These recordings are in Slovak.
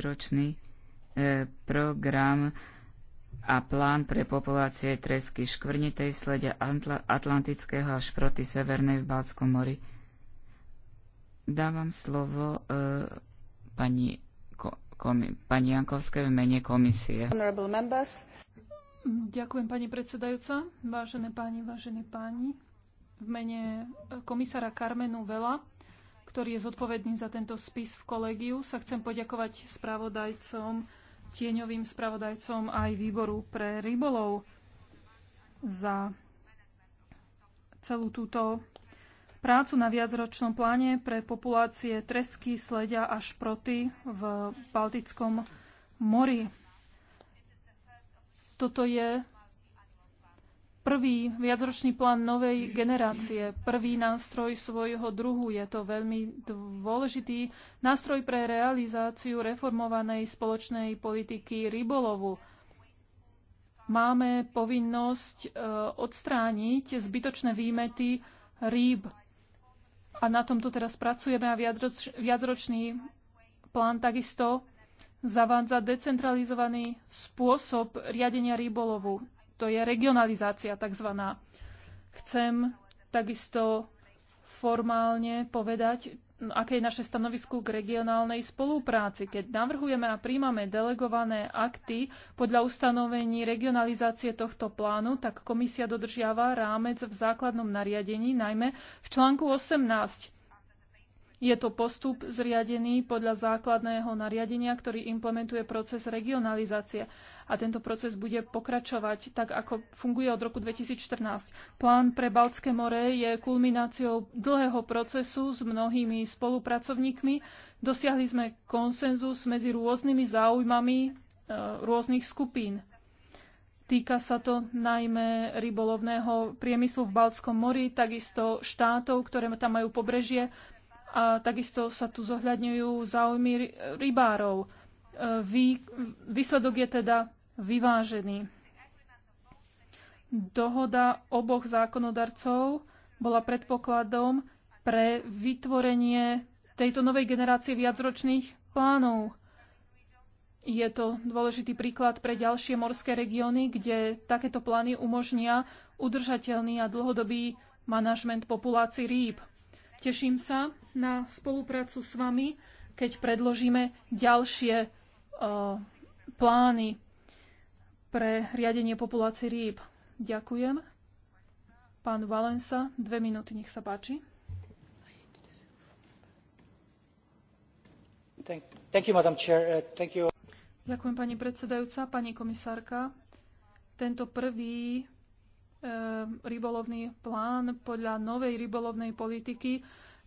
ročný e, program a plán pre populácie tresky škvrnitej slede Antla- Atlantického a šproty Severnej v Balckom mori. Dávam slovo e, pani, ko, komi, pani Jankovské v mene komisie. Ďakujem pani predsedajúca, vážené páni, vážení páni. V mene e, komisára Karmenu Vela ktorý je zodpovedný za tento spis v kolegiu, sa chcem poďakovať spravodajcom, tieňovým spravodajcom aj výboru pre rybolov za celú túto prácu na viacročnom pláne pre populácie tresky, sledia a šproty v Baltickom mori. Toto je prvý viacročný plán novej generácie, prvý nástroj svojho druhu. Je to veľmi dôležitý nástroj pre realizáciu reformovanej spoločnej politiky rybolovu. Máme povinnosť e, odstrániť zbytočné výmety rýb. A na tomto teraz pracujeme a viacročný plán takisto zavádza decentralizovaný spôsob riadenia rybolovu to je regionalizácia tzv. Chcem takisto formálne povedať, aké je naše stanovisko k regionálnej spolupráci. Keď navrhujeme a príjmame delegované akty podľa ustanovení regionalizácie tohto plánu, tak komisia dodržiava rámec v základnom nariadení, najmä v článku 18. Je to postup zriadený podľa základného nariadenia, ktorý implementuje proces regionalizácie a tento proces bude pokračovať tak, ako funguje od roku 2014. Plán pre Baltské more je kulmináciou dlhého procesu s mnohými spolupracovníkmi. Dosiahli sme konsenzus medzi rôznymi záujmami e, rôznych skupín. Týka sa to najmä rybolovného priemyslu v Baltskom mori, takisto štátov, ktoré tam majú pobrežie a takisto sa tu zohľadňujú záujmy rybárov. E, výsledok je teda vyvážený. Dohoda oboch zákonodarcov bola predpokladom pre vytvorenie tejto novej generácie viacročných plánov. Je to dôležitý príklad pre ďalšie morské regióny, kde takéto plány umožnia udržateľný a dlhodobý manažment populácií rýb. Teším sa na spoluprácu s vami, keď predložíme ďalšie uh, plány pre riadenie populácie rýb. Ďakujem. Pán Valensa, dve minúty, nech sa páči. Thank, thank you, Madam Chair. Uh, thank you. Ďakujem, pani predsedajúca, pani komisárka. Tento prvý eh, rybolovný plán podľa novej rybolovnej politiky,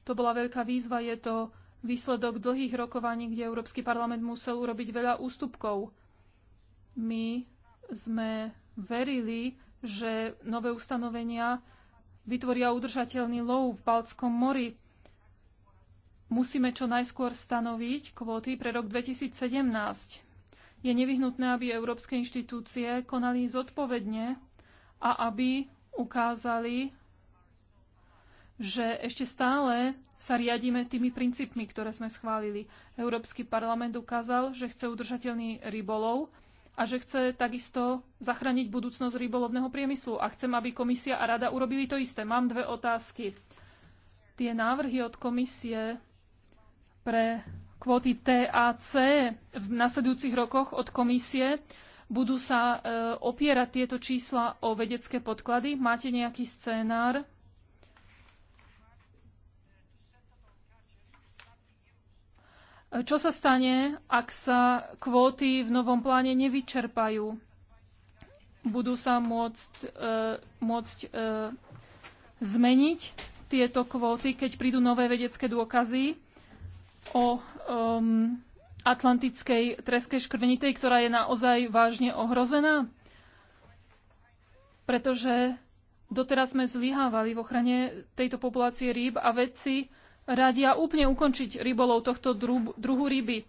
to bola veľká výzva, je to výsledok dlhých rokovaní, kde Európsky parlament musel urobiť veľa ústupkov. My sme verili, že nové ustanovenia vytvoria udržateľný lov v Baltskom mori. Musíme čo najskôr stanoviť kvóty pre rok 2017. Je nevyhnutné, aby európske inštitúcie konali zodpovedne a aby ukázali, že ešte stále sa riadíme tými princípmi, ktoré sme schválili. Európsky parlament ukázal, že chce udržateľný rybolov a že chce takisto zachrániť budúcnosť rybolovného priemyslu. A chcem, aby komisia a rada urobili to isté. Mám dve otázky. Tie návrhy od komisie pre kvóty TAC v nasledujúcich rokoch od komisie budú sa e, opierať tieto čísla o vedecké podklady? Máte nejaký scénár, Čo sa stane, ak sa kvóty v novom pláne nevyčerpajú? Budú sa môcť, e, môcť e, zmeniť tieto kvóty, keď prídu nové vedecké dôkazy o um, atlantickej treskej škrvenitej, ktorá je naozaj vážne ohrozená? Pretože doteraz sme zlyhávali v ochrane tejto populácie rýb a vedci radia úplne ukončiť rybolov tohto druhu, ryby.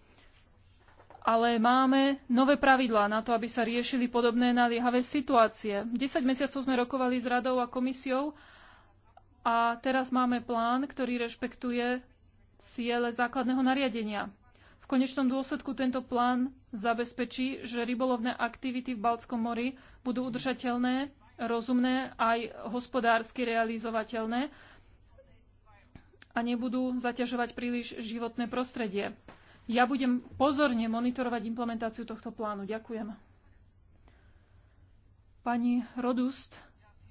Ale máme nové pravidlá na to, aby sa riešili podobné naliehavé situácie. 10 mesiacov sme rokovali s radou a komisiou a teraz máme plán, ktorý rešpektuje ciele základného nariadenia. V konečnom dôsledku tento plán zabezpečí, že rybolovné aktivity v Baltskom mori budú udržateľné, rozumné aj hospodársky realizovateľné a nebudú zaťažovať príliš životné prostredie. Ja budem pozorne monitorovať implementáciu tohto plánu. Ďakujem. Pani Rodust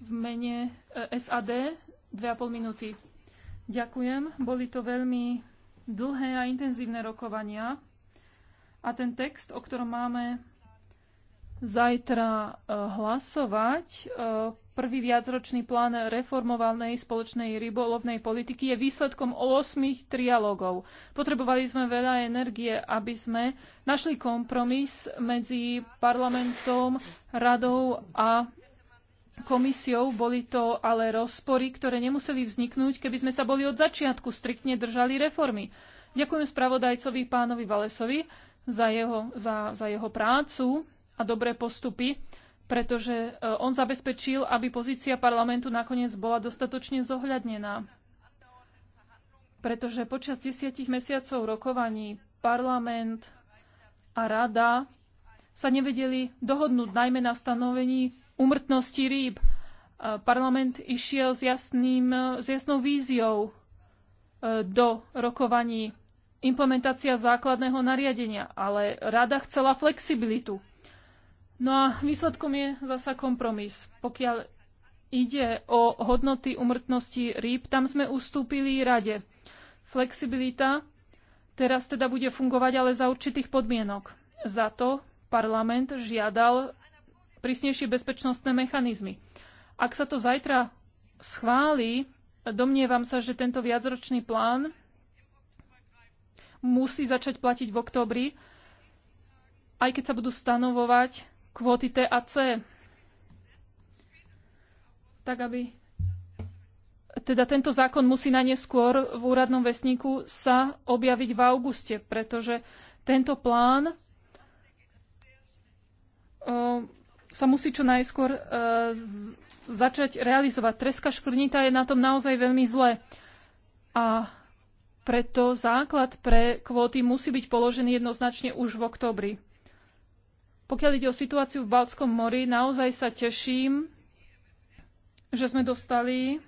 v mene e, SAD 2,5 minúty. Ďakujem. Boli to veľmi dlhé a intenzívne rokovania. A ten text, o ktorom máme zajtra e, hlasovať. E, prvý viacročný plán reformovanej spoločnej rybolovnej politiky je výsledkom 8 trialogov. Potrebovali sme veľa energie, aby sme našli kompromis medzi parlamentom, radou a komisiou. Boli to ale rozpory, ktoré nemuseli vzniknúť, keby sme sa boli od začiatku striktne držali reformy. Ďakujem spravodajcovi pánovi Valesovi za jeho, za, za jeho prácu a dobré postupy, pretože e, on zabezpečil, aby pozícia parlamentu nakoniec bola dostatočne zohľadnená. Pretože počas desiatich mesiacov rokovaní parlament a rada sa nevedeli dohodnúť najmä na stanovení umrtnosti rýb. E, parlament išiel s, jasným, e, s jasnou víziou do rokovaní implementácia základného nariadenia, ale rada chcela flexibilitu. No a výsledkom je zasa kompromis. Pokiaľ ide o hodnoty umrtnosti rýb, tam sme ustúpili rade. Flexibilita teraz teda bude fungovať ale za určitých podmienok. Za to parlament žiadal prísnejšie bezpečnostné mechanizmy. Ak sa to zajtra schváli, domnievam sa, že tento viacročný plán musí začať platiť v oktobri, aj keď sa budú stanovovať kvóty TAC. Tak aby teda tento zákon musí na neskôr v úradnom vesníku sa objaviť v auguste, pretože tento plán o, e, sa musí čo najskôr e, z, začať realizovať. Treska škrnita je na tom naozaj veľmi zle. A preto základ pre kvóty musí byť položený jednoznačne už v oktobri. Pokiaľ ide o situáciu v Baltskom mori, naozaj sa teším, že sme dostali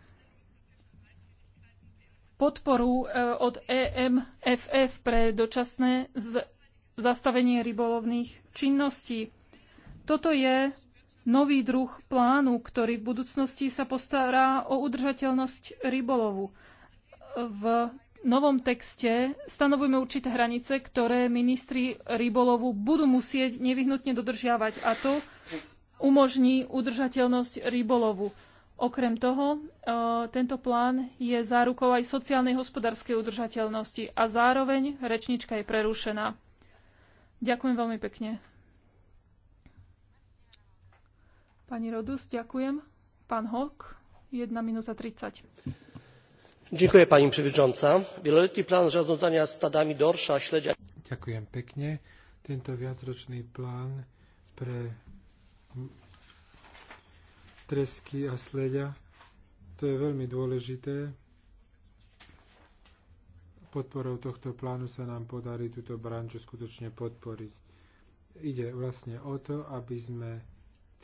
podporu e, od EMFF pre dočasné zastavenie rybolovných činností. Toto je nový druh plánu, ktorý v budúcnosti sa postará o udržateľnosť rybolovu. V novom texte stanovujeme určité hranice, ktoré ministri rybolovu budú musieť nevyhnutne dodržiavať a to umožní udržateľnosť rybolovu. Okrem toho, e, tento plán je zárukou aj sociálnej hospodárskej udržateľnosti a zároveň rečnička je prerušená. Ďakujem veľmi pekne. Pani Rodus, ďakujem. Pán Hok, 1 minúta 30 pani przewodnicząca! wieloletni plán zarządzania stadami dorsza śledzia. ďakujem pekne tento viacročný plán pre tresky a sleďa to je veľmi dôležité podporou tohto plánu sa nám podarí túto branžu skutočne podporiť ide vlastne o to aby sme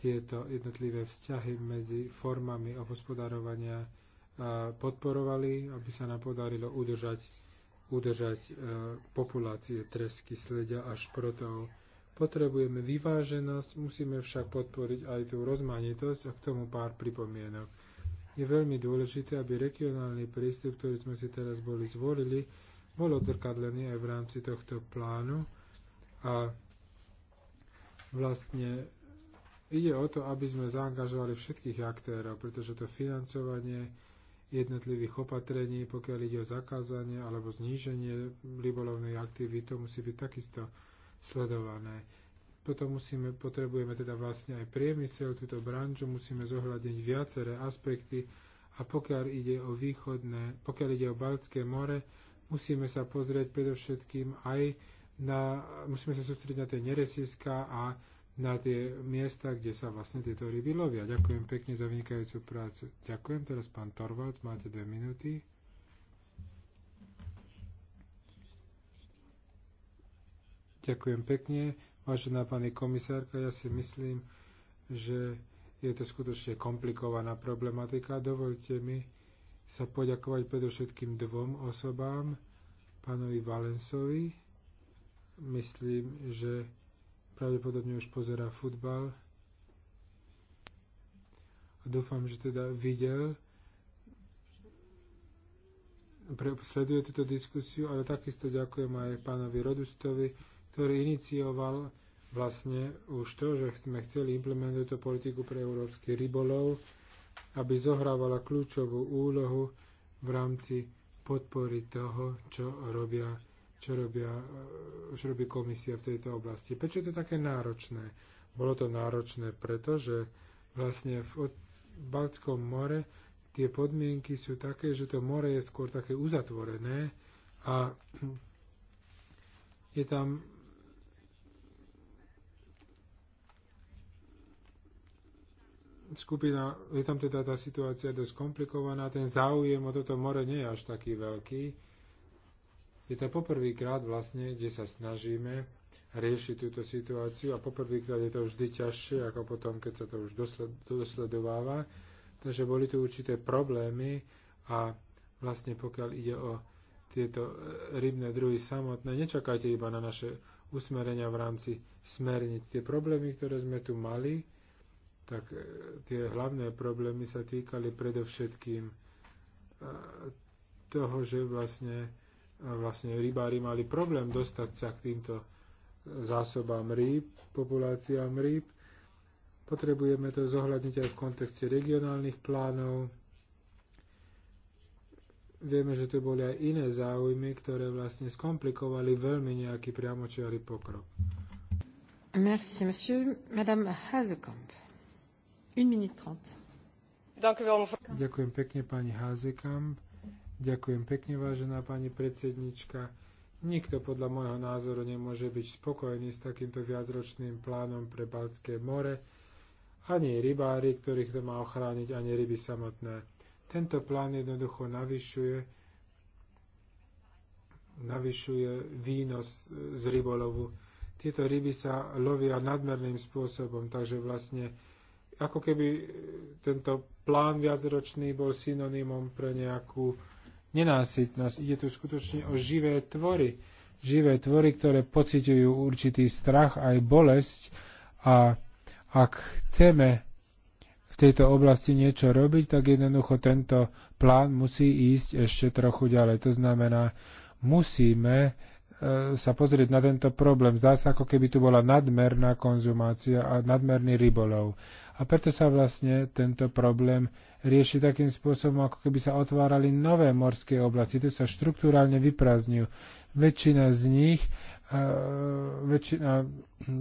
tieto jednotlivé vzťahy medzi formami obhospodárovania podporovali, aby sa nám podarilo udržať, udržať e, populácie tresky, sledia a šprotov. Potrebujeme vyváženosť, musíme však podporiť aj tú rozmanitosť a k tomu pár pripomienok. Je veľmi dôležité, aby regionálny prístup, ktorý sme si teraz boli zvolili, bol odrkadlený aj v rámci tohto plánu a vlastne ide o to, aby sme zaangažovali všetkých aktérov, pretože to financovanie jednotlivých opatrení, pokiaľ ide o zakázanie alebo zníženie rybolovnej aktivity, to musí byť takisto sledované. Potom musíme, potrebujeme teda vlastne aj priemysel, túto branžu, musíme zohľadniť viaceré aspekty a pokiaľ ide o východné, pokiaľ ide o Baltské more, musíme sa pozrieť predovšetkým aj na, musíme sa sústrediť na tie neresiská a na tie miesta, kde sa vlastne tieto ryby lovia. Ďakujem pekne za vynikajúcu prácu. Ďakujem. Teraz pán Torvalds, máte dve minúty. Ďakujem pekne. Vážená pani komisárka, ja si myslím, že je to skutočne komplikovaná problematika. Dovolte mi sa poďakovať predovšetkým dvom osobám, pánovi Valensovi. Myslím, že pravdepodobne už pozerá futbal. A dúfam, že teda videl, sleduje túto diskusiu, ale takisto ďakujem aj pánovi Rodustovi, ktorý inicioval vlastne už to, že sme chceli implementovať tú politiku pre európsky rybolov, aby zohrávala kľúčovú úlohu v rámci podpory toho, čo robia čo, robia, čo robí komisia v tejto oblasti. Prečo je to také náročné? Bolo to náročné, pretože vlastne v, v Baltskom more tie podmienky sú také, že to more je skôr také uzatvorené a je tam skupina, je tam teda tá situácia dosť komplikovaná, ten záujem o toto more nie je až taký veľký je to poprvýkrát vlastne, kde sa snažíme riešiť túto situáciu a poprvýkrát je to vždy ťažšie ako potom, keď sa to už dosledováva. Takže boli tu určité problémy a vlastne pokiaľ ide o tieto e, rybné druhy samotné, nečakajte iba na naše usmerenia v rámci smerníc. Tie problémy, ktoré sme tu mali, tak e, tie hlavné problémy sa týkali predovšetkým e, toho, že vlastne vlastne rybári mali problém dostať sa k týmto zásobám rýb, populáciám rýb. Potrebujeme to zohľadniť aj v kontexte regionálnych plánov. Vieme, že tu boli aj iné záujmy, ktoré vlastne skomplikovali veľmi nejaký priamočiarý pokrok. Merci, monsieur. Madame Hazekamp. Une minute trente. Ďakujem pekne, pani Hazekamp. Ďakujem pekne, vážená pani predsednička. Nikto podľa môjho názoru nemôže byť spokojný s takýmto viacročným plánom pre Baltské more, ani rybári, ktorých to má ochrániť, ani ryby samotné. Tento plán jednoducho navyšuje, navyšuje výnos z rybolovu. Tieto ryby sa lovia nadmerným spôsobom, takže vlastne ako keby tento plán viacročný bol synonymom pre nejakú nenásytnosť. Ide tu skutočne o živé tvory. Živé tvory, ktoré pociťujú určitý strach aj bolesť a ak chceme v tejto oblasti niečo robiť, tak jednoducho tento plán musí ísť ešte trochu ďalej. To znamená, musíme sa pozrieť na tento problém. Zdá sa, ako keby tu bola nadmerná konzumácia a nadmerný rybolov. A preto sa vlastne tento problém rieši takým spôsobom, ako keby sa otvárali nové morské oblasti. Tu sa štruktúralne vyprázdňujú. Väčšina z nich E, väčšina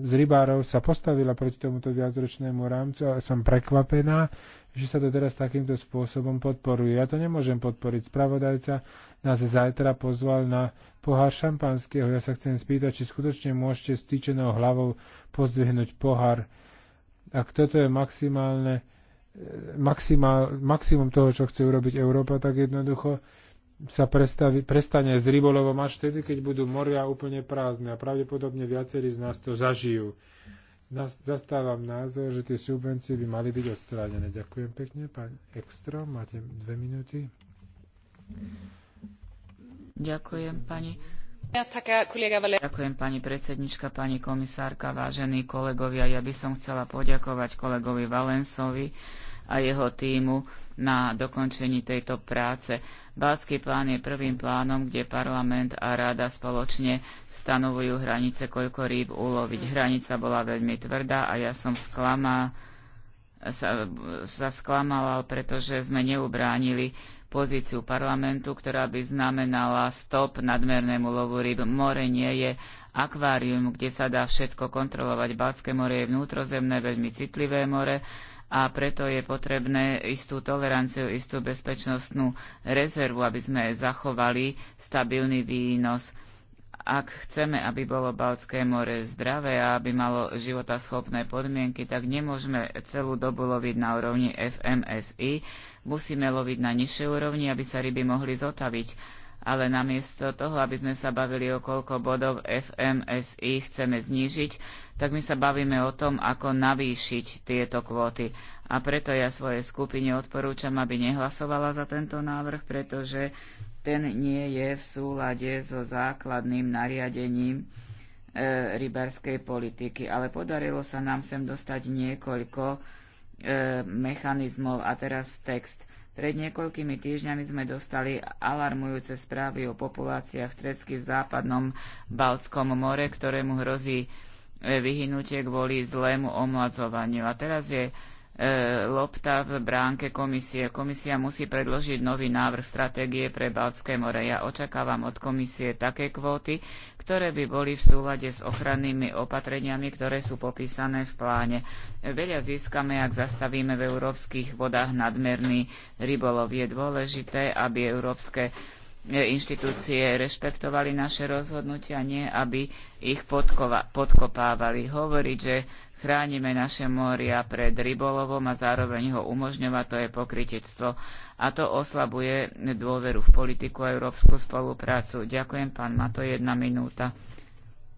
z rybárov sa postavila proti tomuto viacročnému rámcu a som prekvapená, že sa to teraz takýmto spôsobom podporuje. Ja to nemôžem podporiť. Spravodajca nás zajtra pozval na pohár šampanského. Ja sa chcem spýtať, či skutočne môžete s týčenou hlavou pozdvihnúť pohár. Ak toto je maximálne, e, maximál, maximum toho, čo chce urobiť Európa, tak jednoducho sa prestavi, prestane s rybolovom až vtedy, keď budú moria úplne prázdne a pravdepodobne viacerí z nás to zažijú. Nas, zastávam názor, že tie subvencie by mali byť odstránené. Ďakujem pekne. Pán Ekstrom, máte dve minúty. Ďakujem, pani. Ďakujem pani predsednička, pani komisárka, vážení kolegovia. Ja by som chcela poďakovať kolegovi Valensovi, a jeho týmu na dokončení tejto práce. Bátsky plán je prvým plánom, kde parlament a rada spoločne stanovujú hranice, koľko rýb uloviť. Hranica bola veľmi tvrdá a ja som sklamá, sa, sa sklamala, pretože sme neubránili pozíciu parlamentu, ktorá by znamenala stop nadmernému lovu rýb. More nie je akvárium, kde sa dá všetko kontrolovať. Balské more je vnútrozemné, veľmi citlivé more a preto je potrebné istú toleranciu, istú bezpečnostnú rezervu, aby sme zachovali stabilný výnos. Ak chceme, aby bolo Baltské more zdravé a aby malo životaschopné podmienky, tak nemôžeme celú dobu loviť na úrovni FMSI. Musíme loviť na nižšej úrovni, aby sa ryby mohli zotaviť ale namiesto toho, aby sme sa bavili o koľko bodov FMSI chceme znížiť, tak my sa bavíme o tom, ako navýšiť tieto kvóty. A preto ja svojej skupine odporúčam, aby nehlasovala za tento návrh, pretože ten nie je v súlade so základným nariadením e, rybarskej politiky. Ale podarilo sa nám sem dostať niekoľko e, mechanizmov a teraz text. Pred niekoľkými týždňami sme dostali alarmujúce správy o populáciách tresky v západnom Baltskom more, ktorému hrozí E, vyhnutie kvôli zlému omladzovaniu. A teraz je e, lopta v bránke komisie. Komisia musí predložiť nový návrh stratégie pre Balcké more. Ja očakávam od komisie také kvóty, ktoré by boli v súlade s ochrannými opatreniami, ktoré sú popísané v pláne. Veľa získame, ak zastavíme v európskych vodách nadmerný rybolov. Je dôležité, aby európske E, inštitúcie rešpektovali naše rozhodnutia, nie aby ich podkova, podkopávali. Hovoriť, že chránime naše moria pred rybolovom a zároveň ho umožňovať, to je pokritectvo. A to oslabuje dôveru v politiku a európsku spoluprácu. Ďakujem, pán Mato, jedna minúta.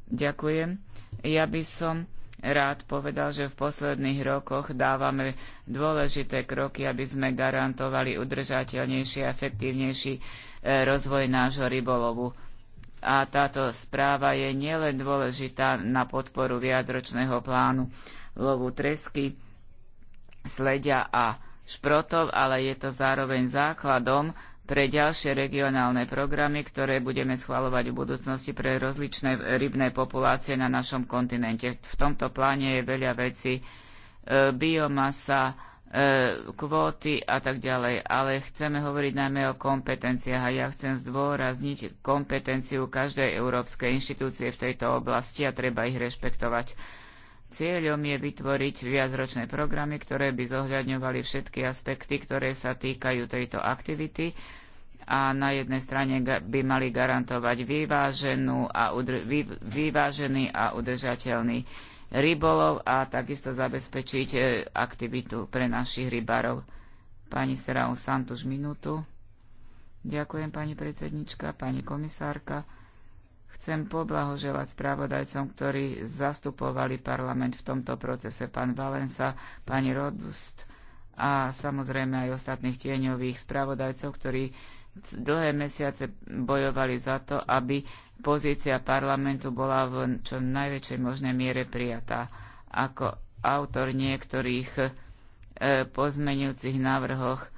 Ďakujem. Ja by som rád povedal, že v posledných rokoch dávame dôležité kroky, aby sme garantovali udržateľnejší a efektívnejší e, rozvoj nášho rybolovu. A táto správa je nielen dôležitá na podporu viacročného plánu lovu tresky, sledia a šprotov, ale je to zároveň základom pre ďalšie regionálne programy, ktoré budeme schvalovať v budúcnosti pre rozličné rybné populácie na našom kontinente. V tomto pláne je veľa vecí, e, biomasa, e, kvóty a tak ďalej, ale chceme hovoriť najmä o kompetenciách a ja chcem zdôrazniť kompetenciu každej európskej inštitúcie v tejto oblasti a treba ich rešpektovať. Cieľom je vytvoriť viacročné programy, ktoré by zohľadňovali všetky aspekty, ktoré sa týkajú tejto aktivity a na jednej strane by mali garantovať vyváženú a vy- vyvážený a udržateľný rybolov a takisto zabezpečiť e, aktivitu pre našich rybárov. Pani Serau Santuš minútu. Ďakujem, pani predsednička, pani komisárka. Chcem poblahoželať správodajcom, ktorí zastupovali parlament v tomto procese, pán Valensa, pani Rodust a samozrejme aj ostatných tieňových správodajcov, ktorí dlhé mesiace bojovali za to, aby pozícia parlamentu bola v čo najväčšej možnej miere prijatá. Ako autor niektorých e, pozmenujúcich návrhoch e,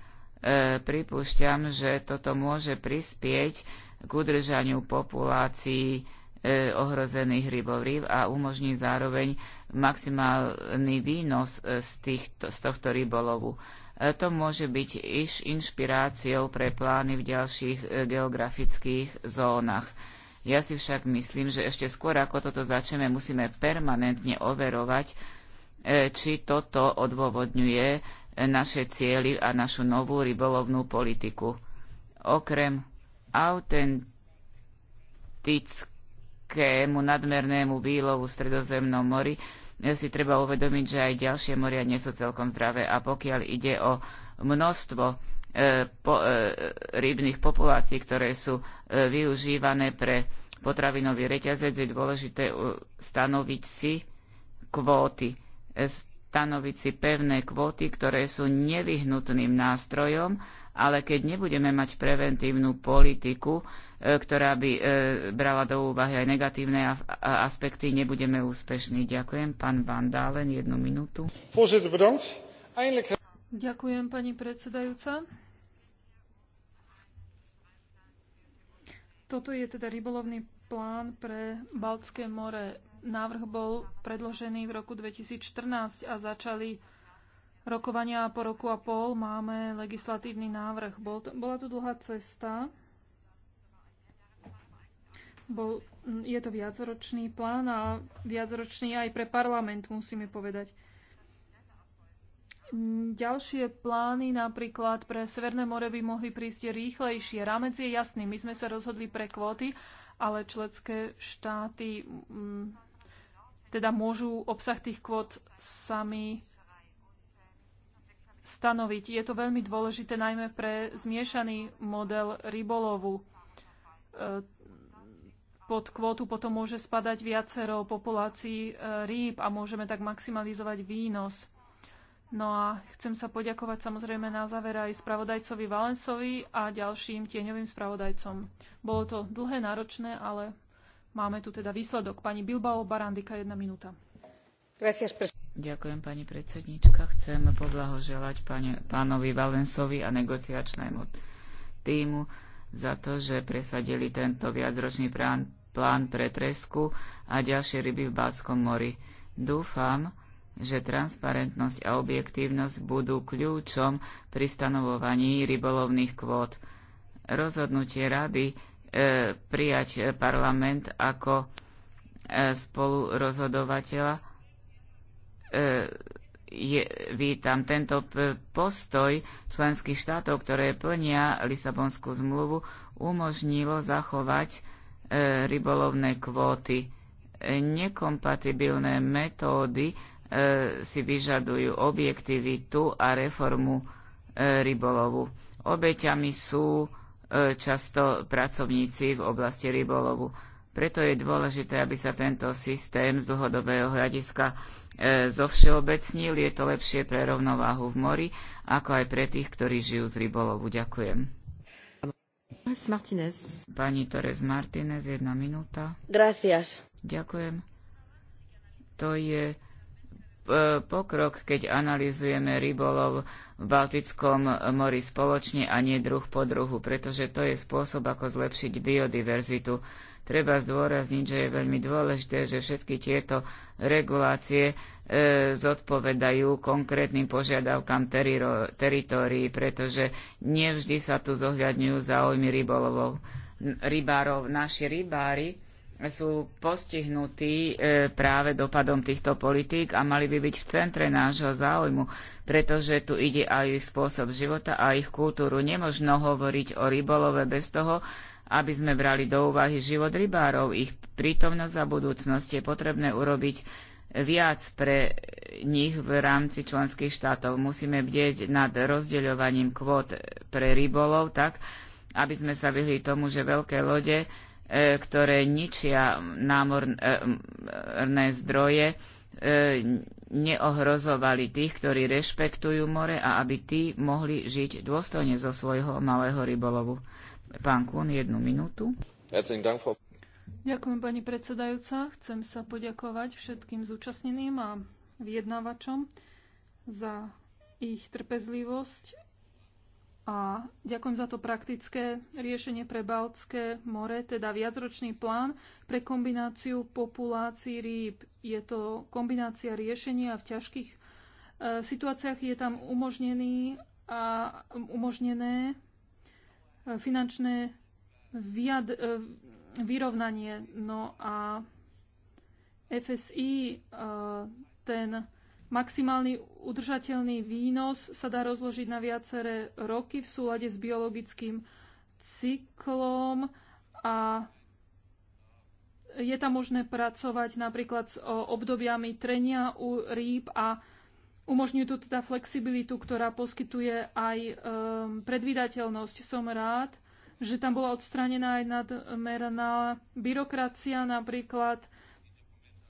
pripúšťam, že toto môže prispieť k udržaniu populácií e, ohrozených rybov a umožní zároveň maximálny výnos e, z, týchto, z tohto rybolovu. E, to môže byť iš inšpiráciou pre plány v ďalších geografických zónach. Ja si však myslím, že ešte skôr ako toto začneme, musíme permanentne overovať, či toto odôvodňuje naše cieľy a našu novú rybolovnú politiku. Okrem autentickému nadmernému výlovu v Stredozemnom mori e, si treba uvedomiť, že aj ďalšie moria nie sú celkom zdravé. A pokiaľ ide o množstvo e, po, e, rybných populácií, ktoré sú e, využívané pre potravinový reťazec, je dôležité e, stanoviť si kvóty. E, stanoviť si pevné kvóty, ktoré sú nevyhnutným nástrojom, ale keď nebudeme mať preventívnu politiku, e, ktorá by e, brala do úvahy aj negatívne aspekty, nebudeme úspešní. Ďakujem. Pán Banda, len jednu minútu. Ďakujem, pani predsedajúca. Toto je teda rybolovný plán pre Baltské more. Návrh bol predložený v roku 2014 a začali rokovania po roku a pol máme legislatívny návrh. Bol to, bola to dlhá cesta. Bol, je to viacročný plán a viacročný aj pre parlament, musíme povedať. Ďalšie plány napríklad pre Severné more by mohli prísť rýchlejšie. Rámec je jasný, my sme sa rozhodli pre kvóty, ale členské štáty m, mm, teda môžu obsah tých kvót sami stanoviť. Je to veľmi dôležité najmä pre zmiešaný model rybolovu. E, pod kvotu potom môže spadať viacero populácií e, rýb a môžeme tak maximalizovať výnos. No a chcem sa poďakovať samozrejme na záver aj spravodajcovi Valensovi a ďalším tieňovým spravodajcom. Bolo to dlhé, náročné, ale máme tu teda výsledok. Pani Bilbao Barandika, jedna minúta. Gracias, Ďakujem, pani predsednička. Chcem poblahoželať pani, pánovi Valensovi a negociačnému týmu za to, že presadili tento viacročný plán, plán pre tresku a ďalšie ryby v Bátskom mori. Dúfam, že transparentnosť a objektívnosť budú kľúčom pri stanovovaní rybolovných kvót. Rozhodnutie rady e, prijať parlament ako e, spolurozhodovateľa E, je, vítam tento postoj členských štátov, ktoré plnia Lisabonskú zmluvu, umožnilo zachovať e, rybolovné kvóty. E, nekompatibilné metódy e, si vyžadujú objektivitu a reformu e, rybolovu. Obeťami sú e, často pracovníci v oblasti rybolovu preto je dôležité, aby sa tento systém z dlhodobého hľadiska e, zovšeobecnil. Je to lepšie pre rovnováhu v mori, ako aj pre tých, ktorí žijú z rybolovu. Ďakujem. Martinez. Pani Torres Martinez, jedna minúta. Gracias. Ďakujem. To je e, pokrok, keď analizujeme rybolov v Baltickom mori spoločne a nie druh po druhu, pretože to je spôsob, ako zlepšiť biodiverzitu Treba zdôrazniť, že je veľmi dôležité, že všetky tieto regulácie e, zodpovedajú konkrétnym požiadavkám teriro, teritórií, pretože nevždy sa tu zohľadňujú záujmy rybolovov, rybárov. Naši rybári sú postihnutí e, práve dopadom týchto politík a mali by byť v centre nášho záujmu, pretože tu ide aj ich spôsob života a ich kultúru. Nemožno hovoriť o rybolove bez toho, aby sme brali do úvahy život rybárov, ich prítomnosť a budúcnosť. Je potrebné urobiť viac pre nich v rámci členských štátov. Musíme bdieť nad rozdeľovaním kvót pre rybolov tak, aby sme sa vyhli tomu, že veľké lode E, ktoré ničia námorné e, zdroje, e, neohrozovali tých, ktorí rešpektujú more a aby tí mohli žiť dôstojne zo svojho malého rybolovu. Pán Kún, jednu minútu. Ďakujem, pani predsedajúca. Chcem sa poďakovať všetkým zúčastneným a vyjednávačom za ich trpezlivosť a ďakujem za to praktické riešenie pre Baltské more, teda viacročný plán pre kombináciu populácií rýb. Je to kombinácia riešenia v ťažkých e, situáciách je tam umožnený a umožnené e, finančné vyjad, e, vyrovnanie. No a FSI e, ten Maximálny udržateľný výnos sa dá rozložiť na viaceré roky v súlade s biologickým cyklom a je tam možné pracovať napríklad s obdobiami trenia u rýb a umožňuje tu teda flexibilitu, ktorá poskytuje aj um, ehm, predvydateľnosť. Som rád, že tam bola odstranená aj nadmerná byrokracia, napríklad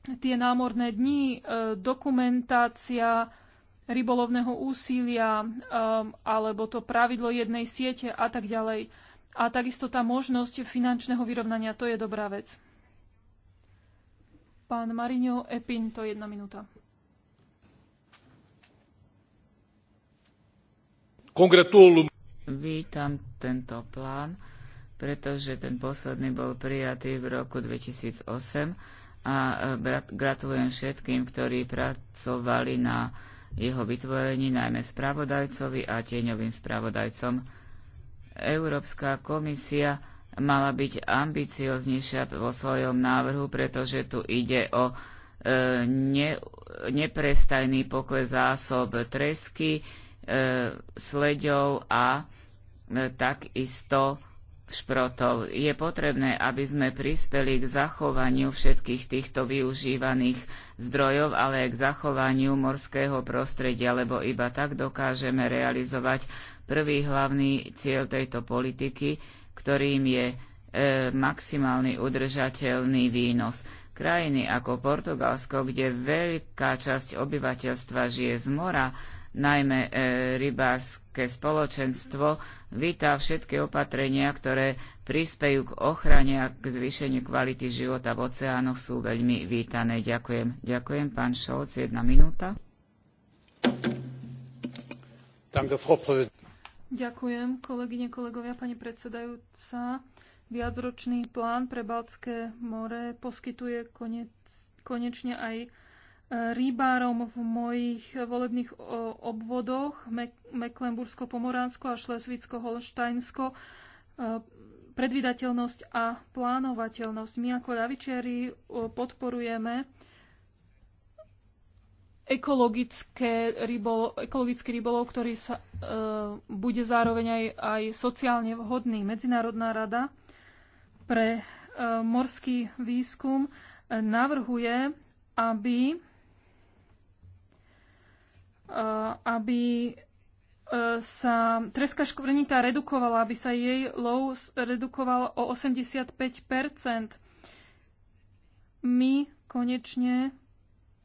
tie námorné dni, e, dokumentácia rybolovného úsilia e, alebo to pravidlo jednej siete a tak ďalej. A takisto tá možnosť finančného vyrovnania, to je dobrá vec. Pán Marino Epin, to je jedna minúta. Vítam tento plán, pretože ten posledný bol prijatý v roku 2008 a e, gratulujem všetkým, ktorí pracovali na jeho vytvorení, najmä spravodajcovi a tieňovým spravodajcom. Európska komisia mala byť ambicioznejšia vo svojom návrhu, pretože tu ide o e, ne, neprestajný pokles zásob tresky, e, sledov a e, takisto šprotov. Je potrebné, aby sme prispeli k zachovaniu všetkých týchto využívaných zdrojov, ale aj k zachovaniu morského prostredia, lebo iba tak dokážeme realizovať prvý hlavný cieľ tejto politiky, ktorým je e, maximálny udržateľný výnos. Krajiny ako Portugalsko, kde veľká časť obyvateľstva žije z mora, najmä e, rybárske spoločenstvo, vítá všetky opatrenia, ktoré prispejú k ochrane a k zvýšeniu kvality života v oceánoch, sú veľmi vítané. Ďakujem. Ďakujem, pán Šolc. Jedna minúta. Ďakujem, kolegyne, kolegovia, pani predsedajúca. Viacročný plán pre Baltské more poskytuje konec, konečne aj rybárom v mojich volebných obvodoch Mecklenbursko-Pomoránsko a Šlesvicko-Holštajnsko e, predvydateľnosť a plánovateľnosť. My ako ľavičiari e, podporujeme ekologické rybolo, ekologický rybolov, ktorý sa, e, bude zároveň aj, aj sociálne vhodný. Medzinárodná rada pre e, morský výskum e, navrhuje, aby Eh, aby eh, sa treska škvrnitá redukovala, aby sa jej lov redukoval o 85 My konečne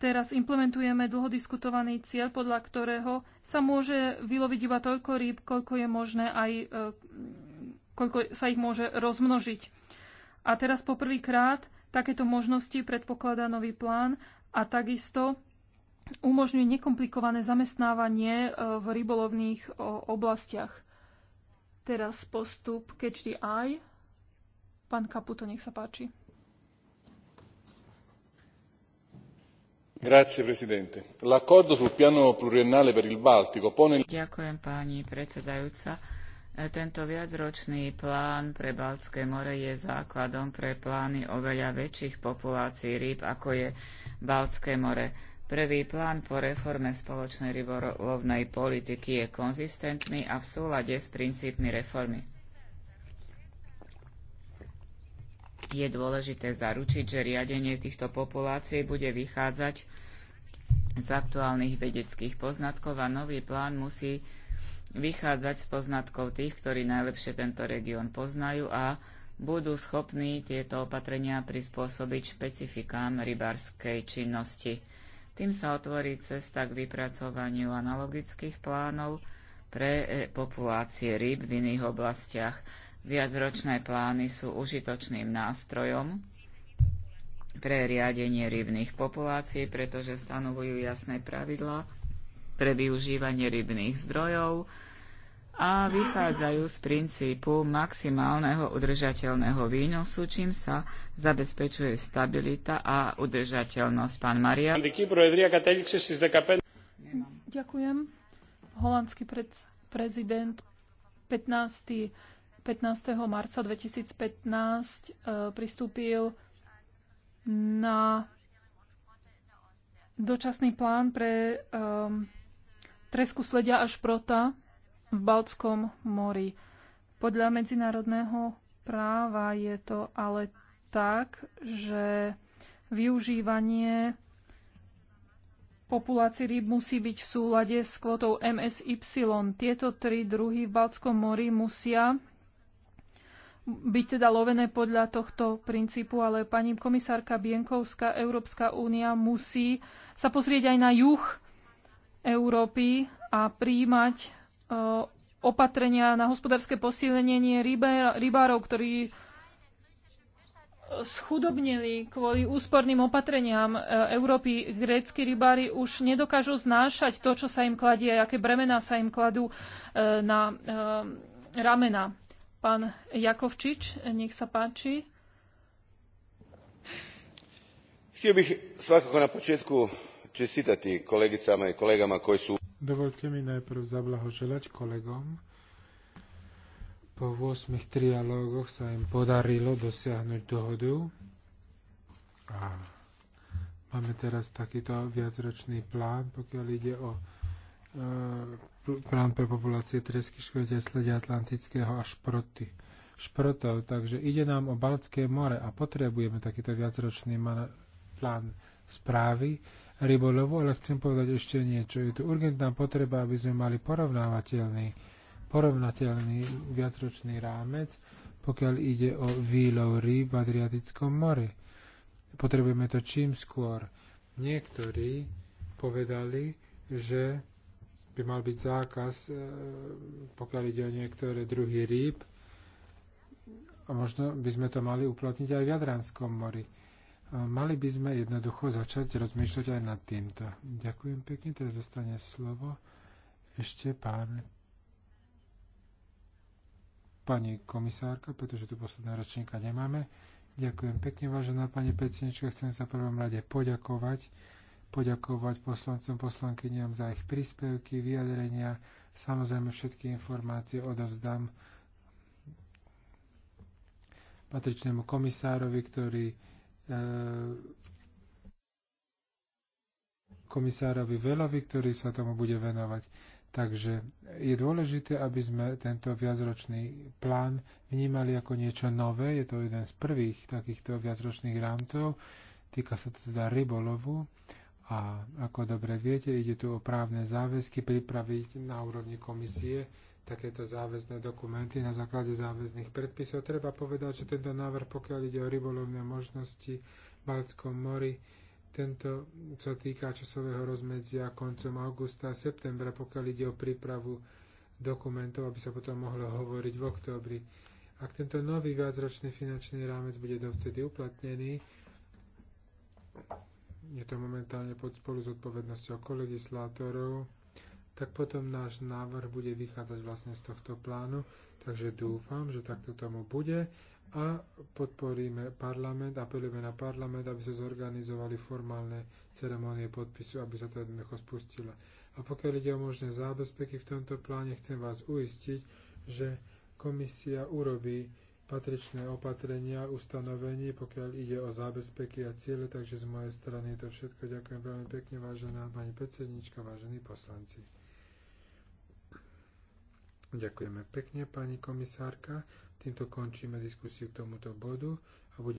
teraz implementujeme dlhodiskutovaný cieľ, podľa ktorého sa môže vyloviť iba toľko rýb, koľko je možné aj eh, koľko sa ich môže rozmnožiť. A teraz poprvýkrát takéto možnosti predpokladá nový plán a takisto umožňuje nekomplikované zamestnávanie e, v rybolovných oblastiach. Teraz postup Catch the Eye. Pán Kaputo, nech sa páči. Grazie, Presidente. L'accordo sul piano pluriennale per il Baltico pone... Ďakujem, pani predsedajúca. E, tento viacročný plán pre Baltské more je základom pre plány oveľa väčších populácií rýb, ako je Baltské more. Prvý plán po reforme spoločnej rybolovnej politiky je konzistentný a v súlade s princípmi reformy. Je dôležité zaručiť, že riadenie týchto populácií bude vychádzať z aktuálnych vedeckých poznatkov a nový plán musí vychádzať z poznatkov tých, ktorí najlepšie tento región poznajú a budú schopní tieto opatrenia prispôsobiť špecifikám rybárskej činnosti. Tým sa otvorí cesta k vypracovaniu analogických plánov pre e, populácie rýb v iných oblastiach. Viacročné plány sú užitočným nástrojom pre riadenie rybných populácií, pretože stanovujú jasné pravidlá pre využívanie rybných zdrojov, a vychádzajú z princípu maximálneho udržateľného výnosu, čím sa zabezpečuje stabilita a udržateľnosť. Pán Maria. Ďakujem. Holandský prezident 15. 15. marca 2015 e, pristúpil na dočasný plán pre um, tresku sledia a šprota v Baltskom mori. Podľa medzinárodného práva je to ale tak, že využívanie populácií rýb musí byť v súlade s kvotou MSY. Tieto tri druhy v Baltskom mori musia byť teda lovené podľa tohto princípu, ale pani komisárka Bienkovská, Európska únia musí sa pozrieť aj na juh Európy a príjmať opatrenia na hospodárske posilnenie rybárov, ktorí schudobnili kvôli úsporným opatreniam e, Európy. Grécky rybári už nedokážu znášať to, čo sa im kladie, aké bremená sa im kladú e, na e, ramena. Pán Jakovčič, nech sa páči. Htio bih svakako na početku čestitati kolegicama i kolegama koji su Dovolte mi najprv zablahoželať kolegom. Po 8 trialógoch sa im podarilo dosiahnuť dohodu a máme teraz takýto viacročný plán, pokiaľ ide o e, plán pre populácie tresky škvedia sledia atlantického a šproty. Šprotov, takže ide nám o Baltské more a potrebujeme takýto viacročný plán správy rybolovu, ale chcem povedať ešte niečo. Je tu urgentná potreba, aby sme mali porovnávateľný, porovnateľný viacročný rámec, pokiaľ ide o výlov rýb v Adriatickom mori. Potrebujeme to čím skôr. Niektorí povedali, že by mal byť zákaz, e, pokiaľ ide o niektoré druhy rýb, a možno by sme to mali uplatniť aj v Jadranskom mori. Mali by sme jednoducho začať rozmýšľať aj nad týmto. Ďakujem pekne, teraz zostane slovo ešte pán pani komisárka, pretože tu posledná ročníka nemáme. Ďakujem pekne, vážená pani predsednička. Chcem sa prvom rade poďakovať poďakovať poslancom, poslankyňam za ich príspevky, vyjadrenia. Samozrejme všetky informácie odovzdám patričnému komisárovi, ktorý E, komisárovi Velovi, ktorý sa tomu bude venovať. Takže je dôležité, aby sme tento viacročný plán vnímali ako niečo nové. Je to jeden z prvých takýchto viacročných rámcov. Týka sa to teda rybolovu. A ako dobre viete, ide tu o právne záväzky pripraviť na úrovni komisie takéto záväzné dokumenty na základe záväzných predpisov. Treba povedať, že tento návrh, pokiaľ ide o rybolovné možnosti v Balckom mori, tento sa týka časového rozmedzia koncom augusta a septembra, pokiaľ ide o prípravu dokumentov, aby sa potom mohlo hovoriť v októbri. Ak tento nový viacročný finančný rámec bude dovtedy uplatnený, je to momentálne pod spolu s odpovednosťou kolegislátorov, tak potom náš návrh bude vychádzať vlastne z tohto plánu. Takže dúfam, že takto tomu bude a podporíme parlament, apelujeme na parlament, aby sa zorganizovali formálne ceremonie podpisu, aby sa to jednoducho spustilo. A pokiaľ ide o možné zábezpeky v tomto pláne, chcem vás uistiť, že komisia urobí patričné opatrenia, ustanovenie, pokiaľ ide o zábezpeky a ciele, takže z mojej strany je to všetko. Ďakujem veľmi pekne, vážená pani predsednička, vážení poslanci. Ďakujeme pekne, pani komisárka. Týmto končíme diskusiu k tomuto bodu.